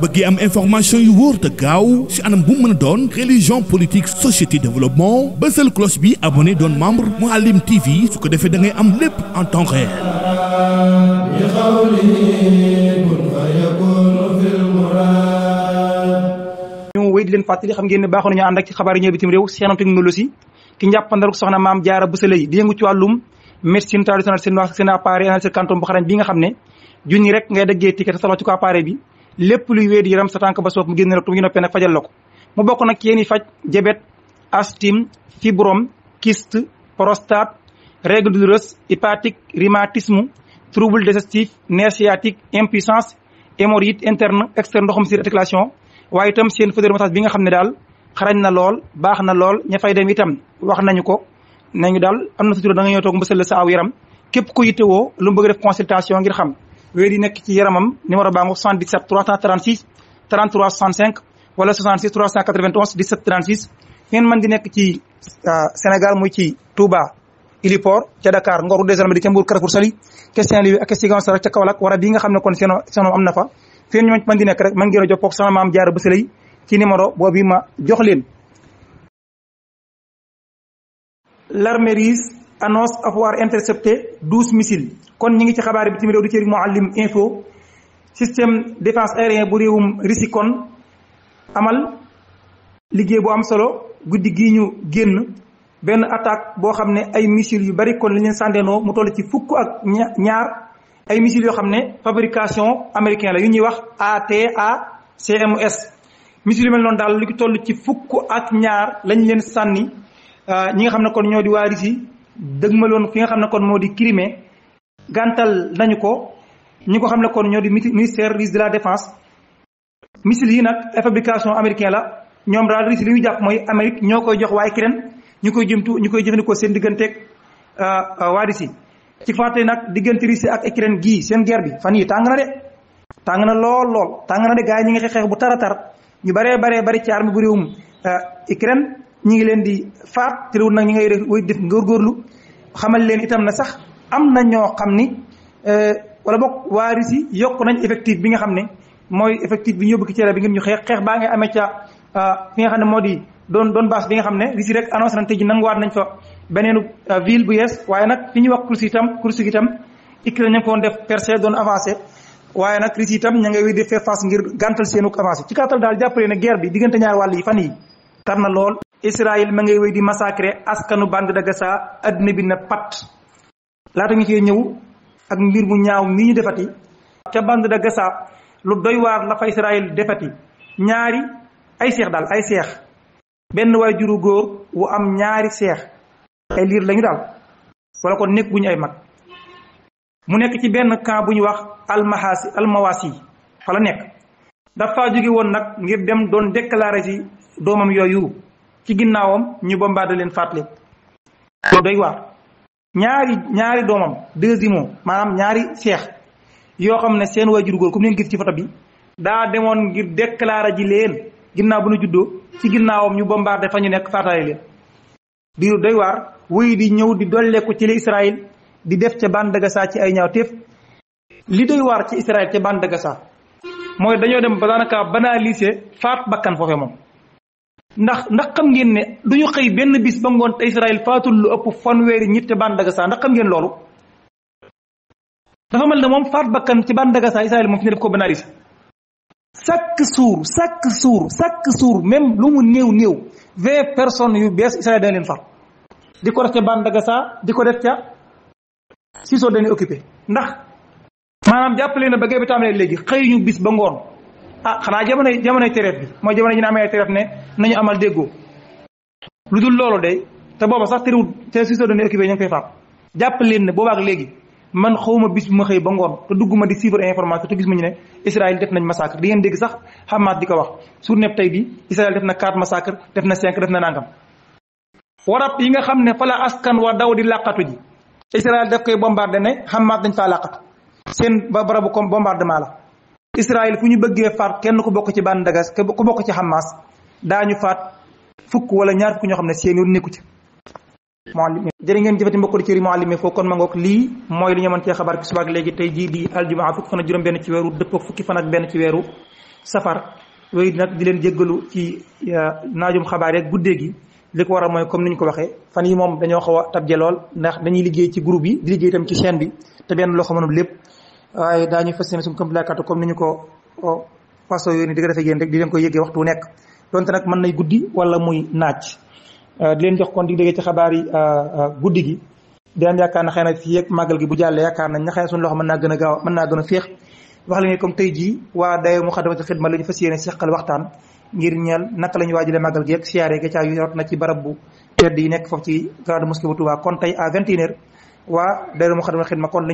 bëggee am information yu wóor te gaaw ci anam bu mën a doon religion politique société développement bësal cloche bi abonné doon membre Mouhalim TV su ko defee da am lépp en temps réel ñu wéy di leen fàttali xam ngeen ne baaxoon nañu ànd ak ci xabaar yi ñëw bitim réew seenam technologie ki njàppandaruk soxna maam jaara bësale yi di yëngu ci wàllum médecine traditionnelle seen wax seen appareil analyse quantum bu xarañ bi nga xam ne junni rek ngay déggee ticket te ci ko appareil bi lépp luy wéer yaram sa tànk ba soof mu génn rek tu mu ñu noppee nag fajal la ko mu bokk nag yéen i faj diabète asthme fibrome kyste prostate règle douloureuse hépatique rhumatisme trouble digestif nerf sciatique impuissance hémorroïde interne externe ndoxum si articulation waaye itam seen fauteuil massage bi nga xam ne daal xarañ na lool baax na lool ña fay dem itam wax nañu ko nañu daal am na sutura da nga ñëw toog mbësal la sa aw yaram képp ku yittewoo lu mu bëgg def consultation ngir xam wéer yi nekk ci yaramam numéro baa ngo 77 336 33 65 wala 66 391 17 36 ngeen mën di nekk ci euh, Sénégal muy ci Touba Iliport ca Dakar Ngor Désalmé di ca Mbour Carrefour Saly ca Saint-Louis ak ca Ziguinchor ca Kaolack wara bi nga xam ne kon seen seenoo am na fa fii ñu nekk rek mën ngeen a jokkoo ak sama maam Diarra Bousseye ci numéro ma jox leen l'armée annonce avoir intercepté douze missiles kon ñi ngi ci xabaar bi bitim réew di cëri Mouhalim info système défense aérien bu réewum Russie kon amal liggéey bu am solo guddi gi ñu génn benn attaque boo xam ne ay missiles yu bari kon li leen sàndeenoo mu toll ci fukk ak ñaar ay missiles yoo xam ne fabrication américain la yu ñuy wax ATACMS missiles yu mel noonu daal li ko toll ci fukk ak ñaar lañ leen sànni Euh, ñi nga xam ne kon ñoo di waa Russie dëgmaloon ki nga xam ne kon moo di Crimée gàntal nañu ko ñi ko xam ne kon ñoo di ministère russe de la défense missile yi nag fabrication américain la ñoom daal Russie li ñu jàpp mooy Amérique ñoo koy jox waa Ukraine ñu koy jëmtu ñu koy jëfandikoo seen digganteeg euh, euh, waa Russie ci fàtte nag diggante Russie ak Ukraine gii seen guerre bi fan yi tàng na de tàng na lool lool tàng na de gars yi ñi nga xeex bu taratar ñu baree baree bari ci arme bu réewum Ukraine ñi ngi leen di faat terewul nag ñi ngay def way def góorgóorlu xamal leen itam na sax am na ñoo xam ni euh, wala bokk waaris yi yokk nañ effectif bi nga xam ne mooy effectif bi ñu yóbbu ki bi ngir ñu xeex xeex baa ngay amee ca euh, nga xam ne moo di doon doon base bi nga xam ne risi rek annoncé nañ te ji nanguwaat nañ fa beneenu euh, ville bu yees waaye nag fi ñuy wax kursi itam kursi itam ikki na ñu ko woon def percé doon avancé waaye nag risi itam ña ngay wéy face ngir gàntal seenu avancé ci gàttal daal jàppale ne guerre bi diggante ñaar wàll yi fan yi tar na Israël ma ngay wéy di massacrer askanu bande de Gaza àddina bi na pat laata ñu cee ñëw ak mbir mu ñaaw mi ñu defati ca bande de Gaza lu doy waar la fa Israël defati ñaari ay seex daal ay seex benn waay juru góor wu am ñaari seex ay liir lañu daal wala kon nekk bu ñu ay mag mu nekk ci benn camp bu ñu wax almahasi almawasi fala la nekk dafa jóge woon nag ngir dem doon déclaré ci doomam yooyu ci ginnaawam ñu bombardé leen faat leen loolu doy ñaari ñaari doomam deux maanaam ñaari seex yoo xam ne seen waajur góor comme leen gis ci foto bi daa demoon ngir déclaré ji leen ginnaaw bu nu juddoo ci ginnaawam ñu bombardé fa ñu nekk faataale leen di doy waar di ñëw di dolleeku ci li Israël di def ca bande ci ay ñaawteef li doy waar ci Israël ca bande mooy dañoo dem ba daanaka banaliser faat bakkan foofe moom ndax ndax xam ngeen ne du ñu xëy benn bis ba ngoon te Israël faatul lu ëpp fanweeri nit te Bandagasaa ndax xam ngeen loolu. dafa mel ne moom faat bakkan ci Bandagasaa Israël moom fi ne def ko banalise chaque jour chaque jour chaque jour même lu mu néew néew vingt personnes yu bees Israël dana leen faat di ko def ca Bandagasaa di ko def ca Siso dañuy occupé ndax maanaam jàppale na ba géej bi tàmbalee léegi xëy ñu bis ba ngoon. ah xanaa jamonoy jamonoy tereet bi mooy jamono ji ñu amee tereet ne nañu amal déggoo lu dul loolu de te booba sax tëriwut te si soo doon occupé ñu ngi koy faam jàpp leen ne boobaak léegi man xawma bis bu ma xëy ba ngoon te dugguma di suivre information te gis ma ñu ne Israël def nañ massacre di ngeen dégg sax Hamas di ko wax sur nepp tey bi Israël def na 4 massacre def na 5 def na nangam warab yi nga xam ne fala askan wa daw di làqatu ji Israël daf koy bombardé ne Hamas dañ faa seen ba barabu comme bombardement la Israël fu ñu bëggee faat kenn ku bokk ci bande de Gaza ku bokk ci Hamas daañu faat fukk wala ñaar fukk ñoo xam ne seen yoon nekku ci Mouhalim jërë ngeen jëfati mbokk ci Mouhalim foofu kon ma ngoog lii mooy li ñu mën cee xabaar bi subaak léegi tey jii di aljumaa fukki fan ak juróom benn ci weeru dëppook fukki fan benn ci weeru safar yooyu nag di leen jéggalu ci naajum xabaar yeeg guddee gi li ko waral mooy comme ni ñu ko waxee fan yi moom dañoo xaw a tabje lool ndax dañuy liggéey ci yi liggéey itam ci chaîne bi te benn loxo mënul lépp waaye daañu fas yéene suñu comme laakkatu ñu ko façon yooyu ni di ko defee yéen rek di leen ko yëggee waxtu nekk donte nag mën nay guddi wala muy naaj euh, di leen jox kon di déggee ci xabaar yi euh, euh, guddi gi di leen yaakaar na xëy na fii ak màggal gi bu jàllee yaakaar na xëy na suñu loxo mën naa gën a gaaw mën naa gën a féex wax leen comme tey jii waa dayo mu xadamatul xidma la ñu fas yéene seqal waxtaan ngir ñeel naka la ñu waajalee màggal gi ak siyaare ga caa yu rot na ci barab bu tedd yi nekk foofu ci grande mosquée bu Touba kon tey à vingt waa dayo mu xadamatul xidma kon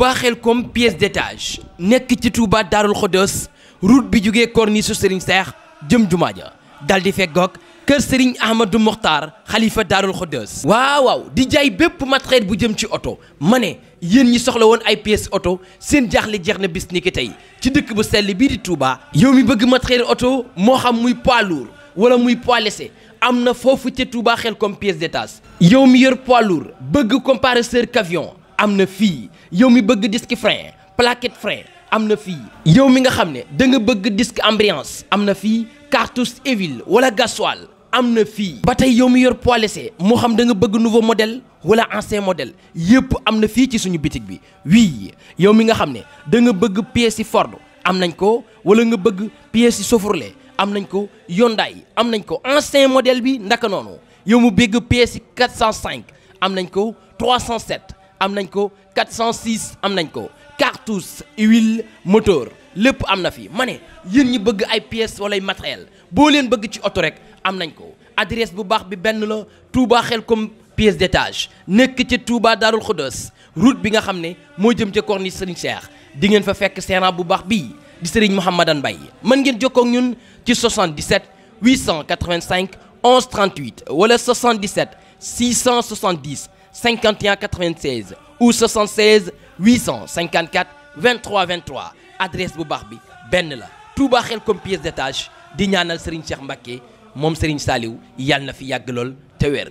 Touba Xelkom pièce d'étage nekk ci Touba Darou Khoudoss route bi jugee corniche Serigne Seex jëm jumaa ja dal di feggoog kër Serigne Ahmadou Mokhtar xalifa Darou Khoudoss waaw waaw di jaay bépp matériel bu jëm ci oto ma ne yéen ñi soxla woon ay pièces oto seen jaaxle jeex na bis ni ki tey ci dëkk bu sell bii di Touba. yow mi bëgg matériel oto moo xam muy poids lourd wala muy poids léger am na foofu ca Touba Xelkom pièce d'étage yow mi yor poids lourd bëgg comparateur camion. am na fii yow mi bëgg disque frein plaquette frein am na fii yow mi nga xam ne danga bëgg disque ambiance am na fii cartouche Evil wala gasoil am na fii ba tey yow mi yor poids moo xam da nga bëgg nouveau modèle wala ancien modèle yëpp am na fii ci suñu bitig bi wii yow mi nga xam ne danga bëgg pièces yi Ford am nañ ko wala nga bëgg pièces yi Chevrolet am nañ ko Hyundai am nañ ko ancien modèle bi ndaka noonu yow mu bëgg pièces yi 405 am nañ ko 307 am nañ ko 406 am nañ ko cartouche huile moteur lépp am na fi ma ne yéen ñi bëgg ay pièces wala ay matériel boo leen bëgg ci oto rek am nañ ko adresse bu baax bi benn la Touba Xelcom pièce d'étage nekk ci Touba Darul Khoudoss route bi nga xam ne moo jëm ca corniche Serigne Cheikh di ngeen fa fekk seeraan bu baax bii di Serigne Mouhamadan Mbaye mën ngeen jokkoo ak ñun ci 77 885 11 38 wala 77 670 51 96 ou 76 854 23 23 adresse bu baax bi benn la Touba Xelcom pièce détache di ñaanal Serigne Cheikh Mbacké moom Serigne Saliou yàlla na fi yàgg lool te weer